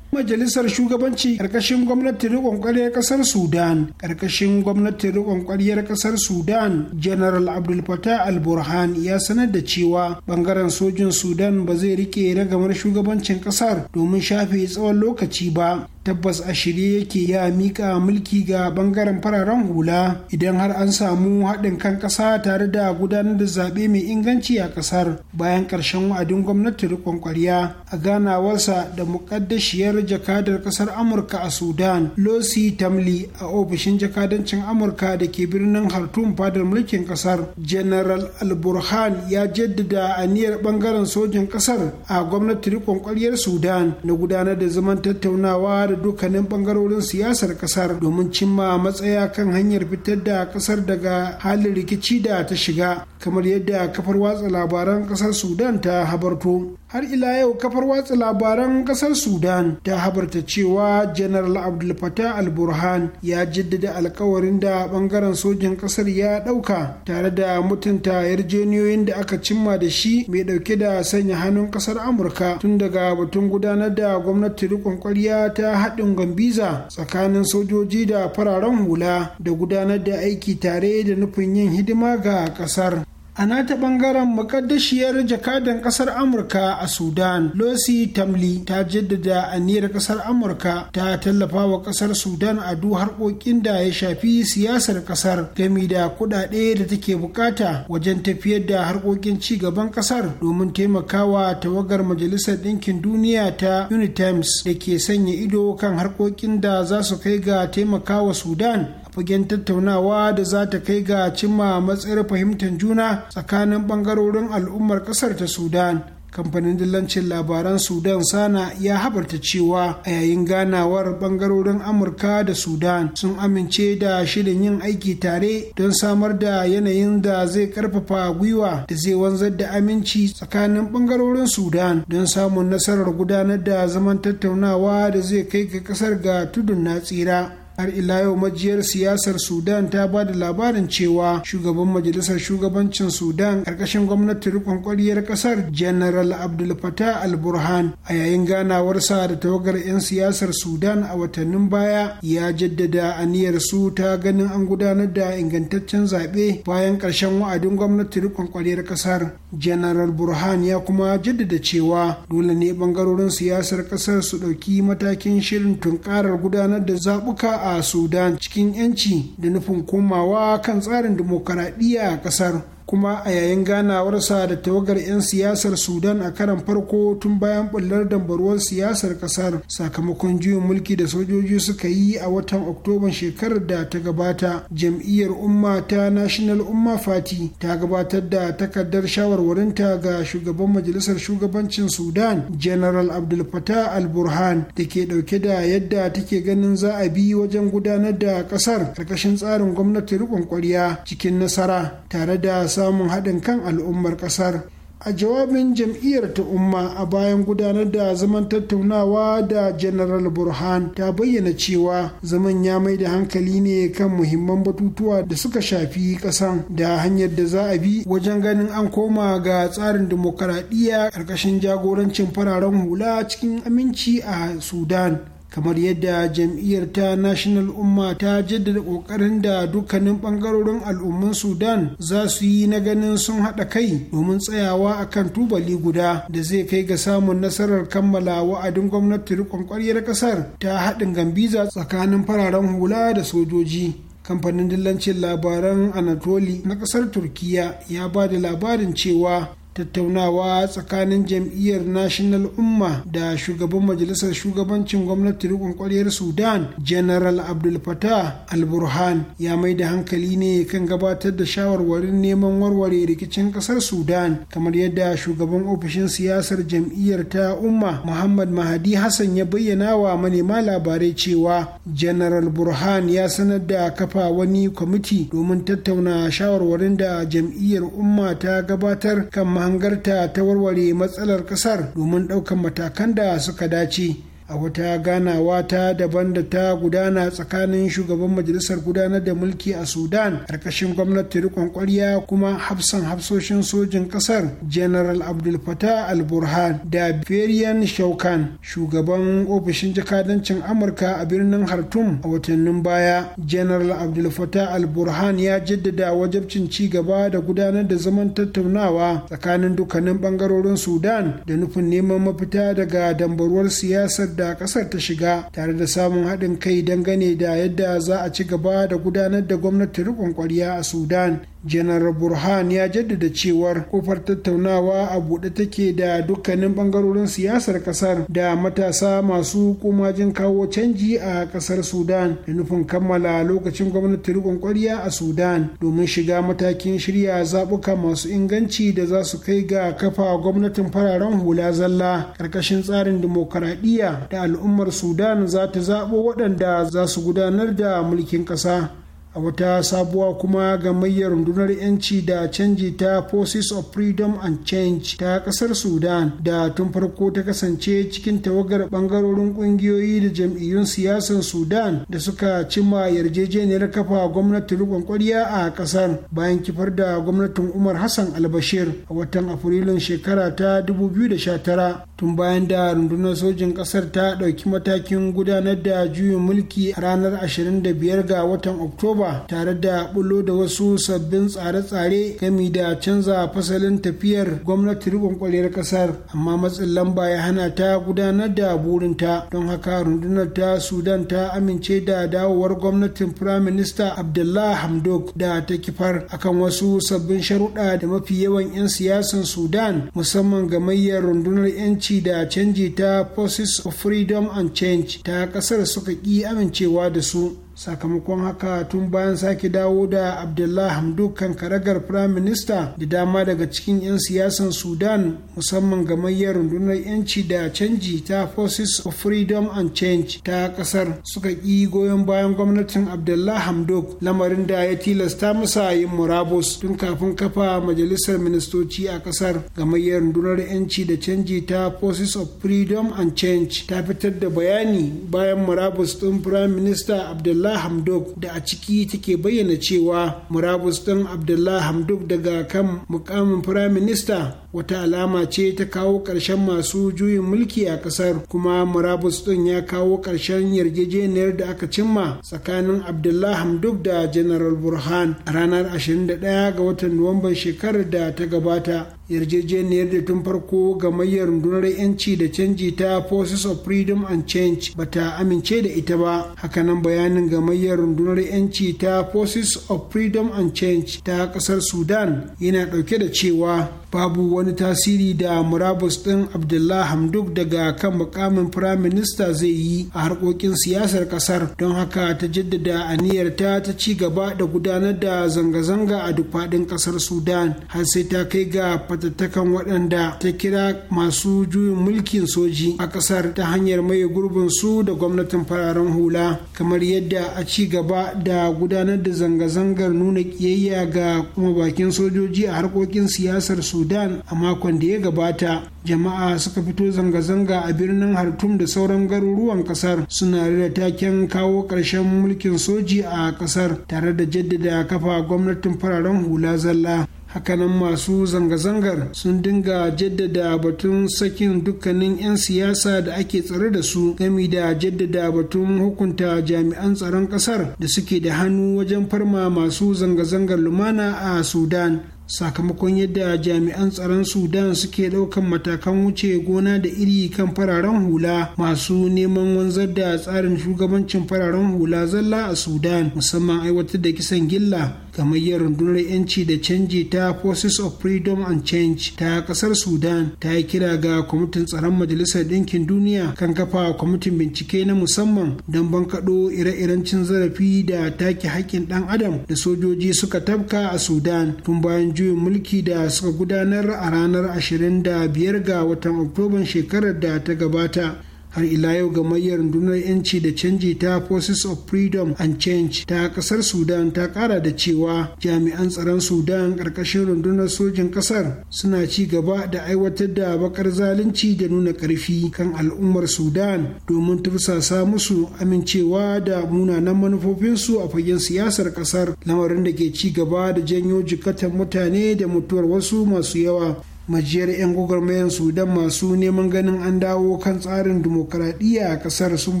majalisar shugabanci karkashin gwamnatin rikon ƙwaryar kasar sudan karkashin gwamnatin riƙon ƙwaryar kasar sudan general abdul fatah al burhan ya sanar da cewa bangaren sojin sudan ba zai rike ragamar shugabancin kasar domin shafe tsawon lokaci ba tabbas a shirye yake ya miƙa mulki ga bangaren fararen hula idan har an samu haɗin kan ƙasa tare da gudanar da zaɓe mai inganci a ƙasar bayan ƙarshen wa'adin gwamnati riƙon ƙwarya a ganawarsa da muƙaddashiyar jakadar ƙasar amurka a sudan losi tamli a ofishin jakadancin amurka da ke birnin hartum fadar mulkin ƙasar general alburhan ya jaddada aniyar bangaren sojin ƙasar a gwamnati riƙon ƙwaryar sudan na gudanar da zaman tattaunawa da dukkanin bangarorin siyasar kasar domin cimma matsaya kan hanyar fitar da kasar daga halin rikici da ta shiga kamar yadda kafar watsa labaran kasar sudan ta habarto har ila yau kafar watsa labaran kasar sudan ta habarta cewa general abdul fatah al-burhan ya jaddada alkawarin da bangaren sojin kasar ya dauka tare da mutunta yarjeniyoyin da aka cimma da shi mai dauke da sanya hannun kasar amurka tun daga batun gudanar da gwamnati rikon kwarya ta haɗin gambiza tsakanin sojoji da fararen hula da gudanar da aiki tare da nufin yin hidima ga kasar a nata bangaren makaddashiyar jakadan ƙasar amurka a sudan losi tamli ta jaddada aniyar ƙasar amurka ta tallafa wa kasar sudan a duk harkokin da ya shafi siyasar ƙasar. gami da kudade da take bukata wajen tafiyar da harkokin ci gaban ƙasar, domin taimakawa tawagar majalisar ɗinkin duniya ta unitimes da ke sanya ido kan harkokin da za su kai ga taimakawa sudan fagen tattaunawa da za ta kai ga cimma matsayar fahimtar juna tsakanin bangarorin al'ummar kasar ta sudan kamfanin dillancin labaran sudan sana ya habarta cewa a yayin ganawar bangarorin amurka da sudan sun amince da shirin yin aiki tare don samar da yanayin da zai karfafa gwiwa da zai wanzar da aminci tsakanin bangarorin sudan don samun nasarar gudanar da zaman tattaunawa da zai kai ga kasar ga tudun na tsira har ila yau majiyar siyasar sudan ta ba da labarin cewa shugaban majalisar shugabancin sudan ƙarƙashin gwamnatin rikon kwariyar ƙasar general abdul fatah al burhan a yayin ganawar sa da tawagar 'yan siyasar sudan a watannin baya ya jaddada aniyar su ta ganin an gudanar da ingantaccen zaɓe bayan ƙarshen wa'adin gwamnati rikon kwariyar ƙasar general burhan ya kuma jaddada cewa dole ne bangarorin siyasar kasar su ɗauki matakin shirin tunkarar gudanar da zaɓuka a a sudan cikin 'yanci da nufin komawa kan tsarin dimokuraɗiyya a ƙasar kuma a yayin ganawarsa da tawagar 'yan siyasar sudan a karan farko tun bayan bullar dambaruwar siyasar kasar sakamakon juyin mulki da sojoji suka yi a watan oktoban shekarar da ta gabata jam'iyyar umma ta national umma fati ta gabatar da takardar shawarwarinta ga shugaban majalisar shugabancin sudan general abdul fatah al burhan da ke dauke da yadda take ganin za a bi wajen gudanar da kasar karkashin tsarin gwamnati rikon kwarya cikin nasara tare da samun haɗin kan al'ummar ƙasar a jawabin jam'iyyar ta umma a bayan gudanar da zaman tattaunawa da general burhan ta bayyana cewa zaman ya mai da hankali ne kan muhimman batutuwa da suka shafi kasan da hanyar da za a bi wajen ganin an koma ga tsarin dimokuraɗiyya ƙarƙashin jagorancin fararen hula cikin aminci a sudan kamar yadda jam'iyyar ta national umma ta jaddada kokarin da dukkanin bangarorin al'umman sudan za su yi na ganin sun haɗa kai domin tsayawa a kan tubali guda da zai kai ga samun nasarar kammala wa'adin gwamnati rikon ƙwaryar ƙasar ta haɗin gambiza tsakanin fararen hula da sojoji kamfanin dillancin labaran anatoli na kasar turkiya ya ba da labarin cewa tattaunawa tsakanin jam'iyyar national umma da shugaban majalisar shugabancin gwamnati rikon kwaryar sudan general abdul fatah al-burhan ya mai da hankali ne kan gabatar da shawarwarin neman warware rikicin kasar sudan kamar yadda shugaban ofishin siyasar jam'iyyar ta umma muhammad mahadi hassan ya bayyana wa manema labarai cewa general burhan ya sanar da kafa wani kwamiti domin tattauna shawarwarin da jam'iyyar umma ta gabatar kan hangarta ta warware matsalar kasar domin ɗaukan matakan da suka dace a wata ganawa ta daban da ta gudana tsakanin shugaban majalisar gudanar da mulki a sudan ƙarƙashin gwamnati rikon kwarya kuma hafsan hafsoshin sojin ƙasar general abdul fatah al burhan da berian shaukan shugaban ofishin jakadancin amurka a birnin hartum a watannin baya general abdul fatah al burhan ya jaddada wajabcin ci gaba da gudanar da zaman tattaunawa tsakanin dukkanin bangarorin sudan da nufin neman mafita daga dambaruwar siyasar da ƙasar ta shiga tare da samun haɗin kai dangane da yadda za a ci gaba da gudanar da gwamnati riƙon ƙwarya a sudan janar burhan ya jaddada cewar kofar tattaunawa a buɗe take da dukkanin ɓangarorin siyasar ƙasar da matasa masu kumajin kawo canji a ƙasar sudan da nufin kammala lokacin gwamnati riƙon ƙwarya a sudan domin shiga matakin shirya zaɓuka masu inganci da za su kai ga kafa gwamnatin fararen hula zalla ƙarƙashin tsarin dimokuraɗiyya da al'ummar sudan za ta zaɓo waɗanda za su gudanar da mulkin ƙasa a wata sabuwa kuma gamayyar rundunar 'yanci da canji ta forces of freedom and change ta kasar sudan da tun farko ta kasance cikin tawagar bangarorin kungiyoyi da jam'iyyun siyasar sudan da suka cimma yarjejeniyar kafa gwamnatin rikon kwarya a kasar bayan kifar da gwamnatin umar hassan albashir a watan afrilun shekara ta 2019 tun bayan da rundunar sojin kasar ta ɗauki matakin gudanar da juyin mulki a ranar 25 ga watan oktoba saba tare da bullo da wasu sabbin tsare-tsare gami da canza fasalin tafiyar gwamnati rikon kwaliyar ƙasar amma matsin lamba ya hana ta gudanar da burinta don haka rundunar ta sudan ta amince da dawowar gwamnatin Firaminista abdullah hamdok da ta kifar akan wasu sabbin sharuɗa da mafi yawan 'yan siyasan sudan musamman ga gamayyar rundunar 'yanci da canji ta forces of freedom and change ta ƙasar suka ƙi amincewa da su sakamakon haka tun bayan sake dawo da abdullah hamdok kan karagar prime minister da dama daga cikin 'yan siyasan sudan musamman gamayyar rundunar 'yanci da canji ta forces of freedom and change ta kasar suka ƙi goyon bayan gwamnatin abdullah hamdok lamarin da ya tilasta masa yin murabus tun kafin kafa majalisar ministoci a kasar gamayyar rundunar 'yanci da canji ta forces of freedom and change ta fitar da bayani bayan murabus ɗin prime minister abdullah abdullah hamdok da a ciki take bayyana cewa murabus ɗin abdullah hamdok daga kan mukamin firaminista wata alama ce ta kawo ƙarshen masu juyin mulki a ƙasar kuma murabus ɗin ya kawo ƙarshen yarjejeniyar da aka cimma tsakanin abdullah hamduk da general burhan a ranar 21 ga watan nuwamban shekarar da ta gabata yarjejeniyar da tun farko gamayyar rundunar 'yanci da canji ta forces of freedom and change ba ta amince da ita ba hakanan bayanin gamayyar rundunar 'yanci ta forces of freedom and change ta kasar sudan yana dauke da cewa babu wani wani tasiri da murabus ɗin abdullah hamduk daga kan mukamin firaminista zai yi a harkokin siyasar kasar. don haka ta jaddada aniyarta ta ci gaba da gudanar da zanga-zanga a duk faɗin kasar sudan har sai ta kai ga fatattakan waɗanda ta kira masu juyin mulkin soji a kasar ta hanyar maye gurbin su da gwamnatin fararen hula kamar yadda a ci gaba da gudanar da zanga-zangar nuna ƙiyayya ga kuma bakin sojoji a harkokin siyasar sudan a makon da ya gabata jama'a suka fito zanga-zanga a birnin hartum da sauran garuruwan kasar suna rira taken kawo ƙarshen mulkin soji a kasar tare da jaddada kafa gwamnatin fararen hula zalla hakanan masu zanga-zangar sun dinga jaddada batun sakin dukkanin 'yan siyasa da ake tsare da su gami da jaddada batun hukunta jami'an tsaron kasar da suke da hannu wajen farma masu zanga-zangar lumana a sudan sakamakon yadda jami'an tsaron sudan suke ɗaukan matakan wuce gona da iri kan fararen hula masu neman wanzar da tsarin shugabancin fararen hula zalla a sudan musamman aiwatar da kisan gilla gamayyar rundunar 'yanci da canji ta forces of freedom and change ta kasar sudan ta yi kira ga kwamitin tsaron majalisar ɗinkin duniya kan kafa kwamitin bincike na musamman don bankaɗo ire-iren cin zarafi da take haƙƙin ɗan adam da sojoji suka tabka a sudan tun bayan juyin mulki da suka gudanar a ranar 25 ga watan oktoban shekarar da ta gabata har ila yau gamayyar rundunar yanci da canji ta forces of freedom and change ta kasar sudan ta kara da cewa jami'an tsaron sudan karkashin rundunar sojin kasar suna ci gaba da aiwatar da bakar zalunci da nuna karfi kan al'ummar sudan domin tursasa musu amincewa da munanan manufofinsu a fagen siyasar kasar lamarin da ke ci gaba da janyo jikatan mutane da mutuwar wasu masu yawa majiyar 'yan gwagwarmayar sudan masu neman ganin an dawo kan tsarin dimokuraɗiyya a ƙasar sun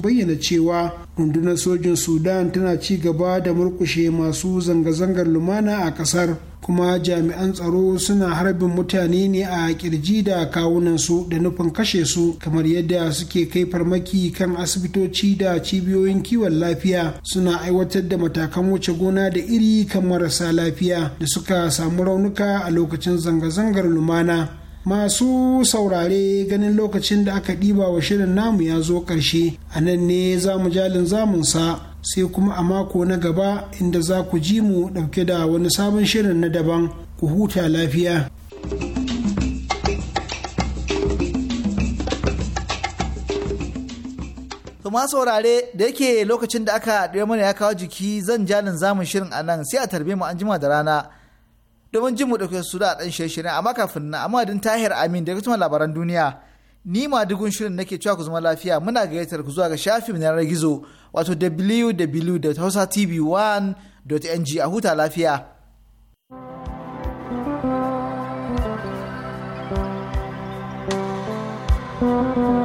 bayyana cewa rundunar sojin sudan tana ci gaba da murkushe masu zanga-zangar lumana a ƙasar kuma jami'an tsaro suna harbin mutane ne a kirji da kawunansu da nufin kashe su kamar yadda suke kai farmaki kan asibitoci da cibiyoyin kiwon lafiya suna aiwatar da matakan wuce gona da iri kan marasa lafiya da suka samu raunuka a lokacin zanga-zangar lumana masu saurare ganin lokacin da aka ɗiba wa shirin namu ya zo ƙarshe a nan ne za mu jalin zamunsa sai kuma a mako na gaba inda za ku ji mu ɗauke da wani sabon shirin na daban ku huta lafiya. kuma saurare da yake lokacin da aka ɗaya mana ya kawo jiki zan jalin zamun shirin a nan sai a tarbe mu an jima da rana domin jin mu ɗauke su da ɗan shirye-shiryen amma kafin na amma don tahir amin da kuma labaran duniya ni ma dugun shirin nake cewa ku zama lafiya muna gayyatar ku zuwa ga shafin na yanar gizo wato www.hausatv1.ng a huta lafiya. thank you